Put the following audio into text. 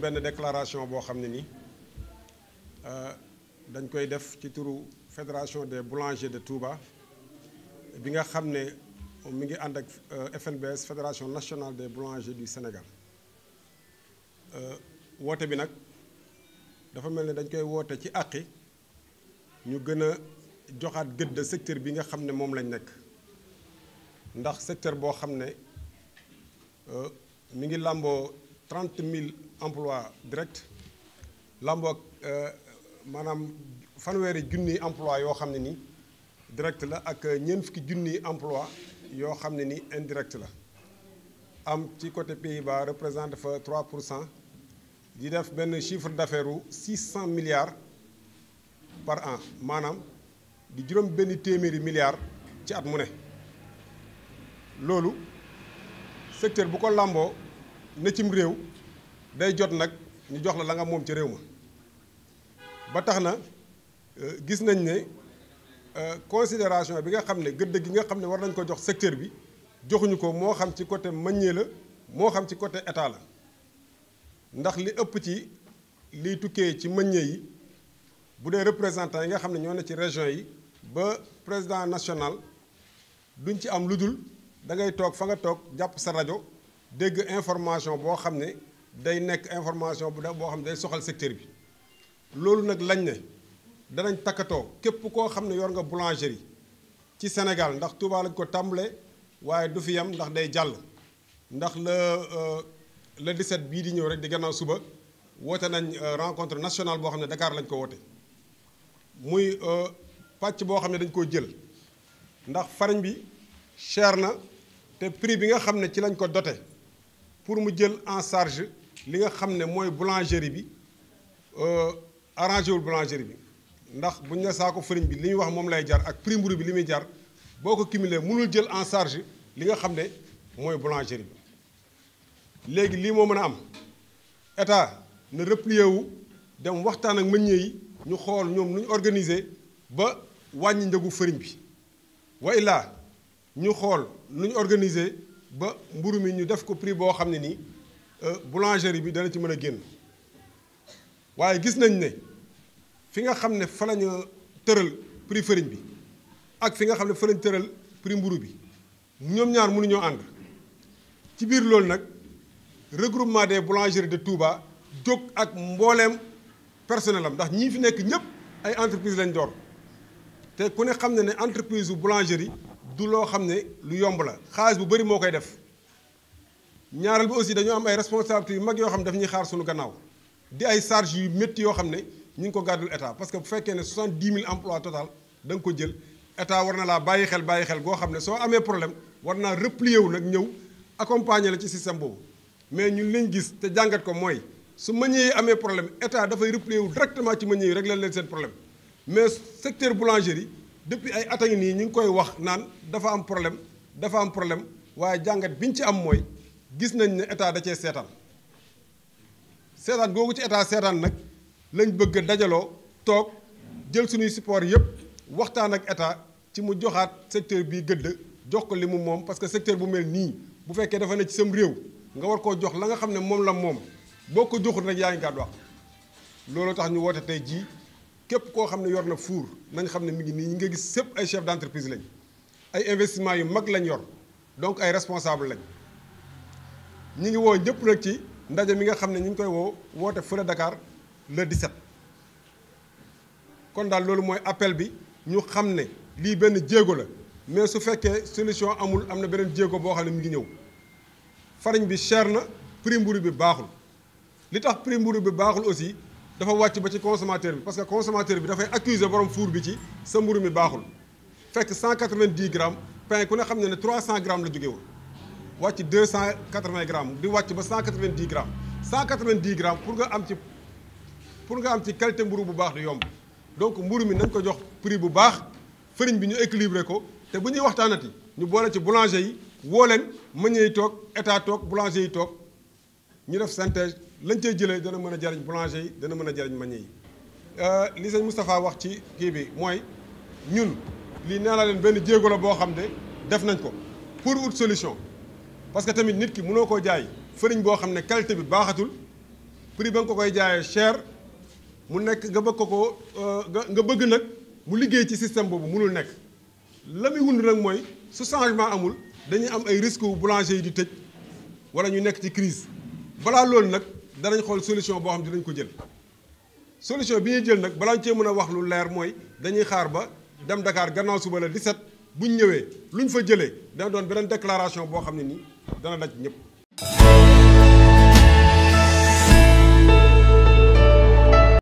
benn déclaration boo xam ne ni euh, dañ koy def ci turu fédération des boulangers de Touba bi nga xam ne mi ngi ànd ak euh, FNBS fédération nationale des boulangers du Sénégal euh, woote bi nag dafa mel ni dañ koy woote ci àqi ñu gën a joxaat gëdd secteur bi nga xam ne moom lañ nekk ndax secteur boo xam ne mi ngi làmboo trente mille emplois directs lamboo euh, maanaam fanweeri junniy emploi yoo xam ne ni direct la ak ñeent fukki junniy emploi yoo xam ne ni indirect la am ci côté Pays-Bas représente fa 3 pour cent di def benn chiffre d'affaires u 600 milliards par an maanaam di juróom benn téeméeri milliards ci at mu ne loolu secteur bu ko lamboo ne cim réew day jot nag ñu jox la langa moom ci réew ma ba tax na euh, gis nañ ne euh, considération bi nga xam ne gëdd gi nga xam ne war nañ ko jox secteur bi joxuñu ko moo xam ci côté maññee la moo xam ci côté état la ndax li ëpp ci liy tukkee ci maññee yi bu dee représentant yi nga xam ne ñoo ne ci région yi ba président national duñ ci am lu dul da ngay toog fa nga toog jàpp sa rajo. dégg information boo xam ne day nekk information bu da boo xam ne day soxal secteur bi loolu nag lañ ne danañ takkatoo képp koo xam ne yor nga boulangerie ci Sénégal ndax Touba lañ ko tàmbale waaye du fi yam ndax day jàll ndax le euh, le 17 bii di ñëw rek di gannaaw suba woote nañ euh, rencontre nationale boo xam ne dakaar lañ ko woote muy euh, pàcc boo xam ne dañ koo jël ndax farine bi cher na te prix bi nga xam ne ci lañ ko dote pour mu jël en charge li nga xam ne mooy boulangerie bi euh, arrangé wul boulangerie bi ndax buñ ne saako farine bi li ñuy wax moom lay jar ak prix mburu bi li muy jar boo ko cumulé mënul jël en charge li nga xam ne mooy boulangerie bi léegi lii moo mën a am état na replier wu dem waxtaan ak meññee yi ñu xool ñoom nu ñu organiser ba wàññi njëgu farine bi wa ñu xool nu ñu organiser. ba mburu mi ñu def ko prix boo xam ne nii euh, boulangerie bi dana ci mën a génn waaye gis nañ ne fi nga xam ne fa lañu tëral prix farine bi ak fi nga xam ne fa lañu tëral prix mburu bi ñoom ñaar mënuñoo ànd ci biir loolu nag regroupement des boulangeries de Touba jóg ak mbooleem personnelam ndax ñi fi nekk ñëpp ay entreprise lañ door te ku ne xam ne ne entreprise su boulangerie du loo xam ne lu yomb la xaalis bu bëri moo koy def ñaareel bi aussi dañoo am ay responsabilités yu mag yoo xam ne daf ñu xaar suñu gannaaw di ay charges yu métti yoo xam ne ñu ngi ko gàddul état parce que bu fekkee ne 70 000 emplois total da nga ko jël état war na laa bàyyi xel bàyyi xel goo xam ne soo amee problème war naa replier wu nag ñëw accompagner la ci système boobu mais ñun leen gis te jàngat ko mooy su ma yi amee problème état dafay replier wu directement ci meunier yi régler leen seen problème mais secteur boulangerie. depuis ay at a nii ñu ngi koy wax naan dafa am problème dafa am problème waaye jàngat bi ñu ci am mooy gis nañ ne état da cee seetaan seetaan googu ci état seetaan nag lañ bëgg a dajaloo toog jël suñuy support yëpp waxtaan ak état ci mu joxaat secteur bi gëdd jox ko li mu moom parce que secteur bu mel nii bu fekkee dafa ne ci sam réew nga war koo jox la nga xam ne moom la moom boo ko joxul nag yaa ngi gàddu loolu tax ñu woote tey jii. képp koo xam ne yor na fuur nañ xam ne mi ngi nii ñi nga gis sépp ay chef d'entreprise lañ ay investiment yu mag lañ yor donc ay responsable lañ ñi ngi woo ñëpp nag ci ndaje mi nga xam ne ñu ngi koy woo woote fële Dakar di set kon daal loolu mooy appel bi ñu xam ne lii benn jéego la mais su fekkee solution amul am na beneen jéego boo xam ne mi ngi ñëw farine bi cher na prix mburu bi baaxul li tax prix mburu bi baaxul aussi. dafa wàcc ba ci consommateur bi parce que consommateur bi dafay accuser borom four bi ci sa mburu mi baaxul fekk 190 grammes pain ku ne xam ne ne 300 grammes la jóge woon wàcc 280 grammes di wàcc ba 190 grammes 190 grammes pour nga am ci pour nga am ci qualité mburu bu baax du yomb donc mburu mi nañ ko jox prix bu baax farine bi ñu équilibré ko te bu ñuy waxtaanati ñu boole ci boulanger yi woo leen meññee yi toog état toog boulanger yi toog ñu def synthèse. lañ cay jëlee dana mën a jariñ boulanger yi dana mën a jariñ mañe yi euh, li sëñ Moustapha wax ci kii bi mooy ñun lii nee naa leen benn jéego la boo xam ne def nañ ko pour wut solution parce que tamit nit ki mënoo koo jaay fëriñ boo xam ne qualité bi baaxatul prix ba nga ko koy jaayee cher mu nekk nga bëgg ko ko euh, nga bëgg nag mu liggéey ci système boobu mënul nekk la muy wund nag mooy su changement amul dañuy am ay risques wu boulanger yi di tëj wala ñu nekk ci crise balaa loolu nag danañ xool solution boo xam dinañ ko jël solution bi ñuy jël nag balaa ñu cee mën a wax lu leer mooy dañuy xaar ba dem Dakar gannaaw suba la di set ñu ñëwee lu ñu fa jëlee dana doon beneen déclaration boo xam ne nii dana daj ñëpp.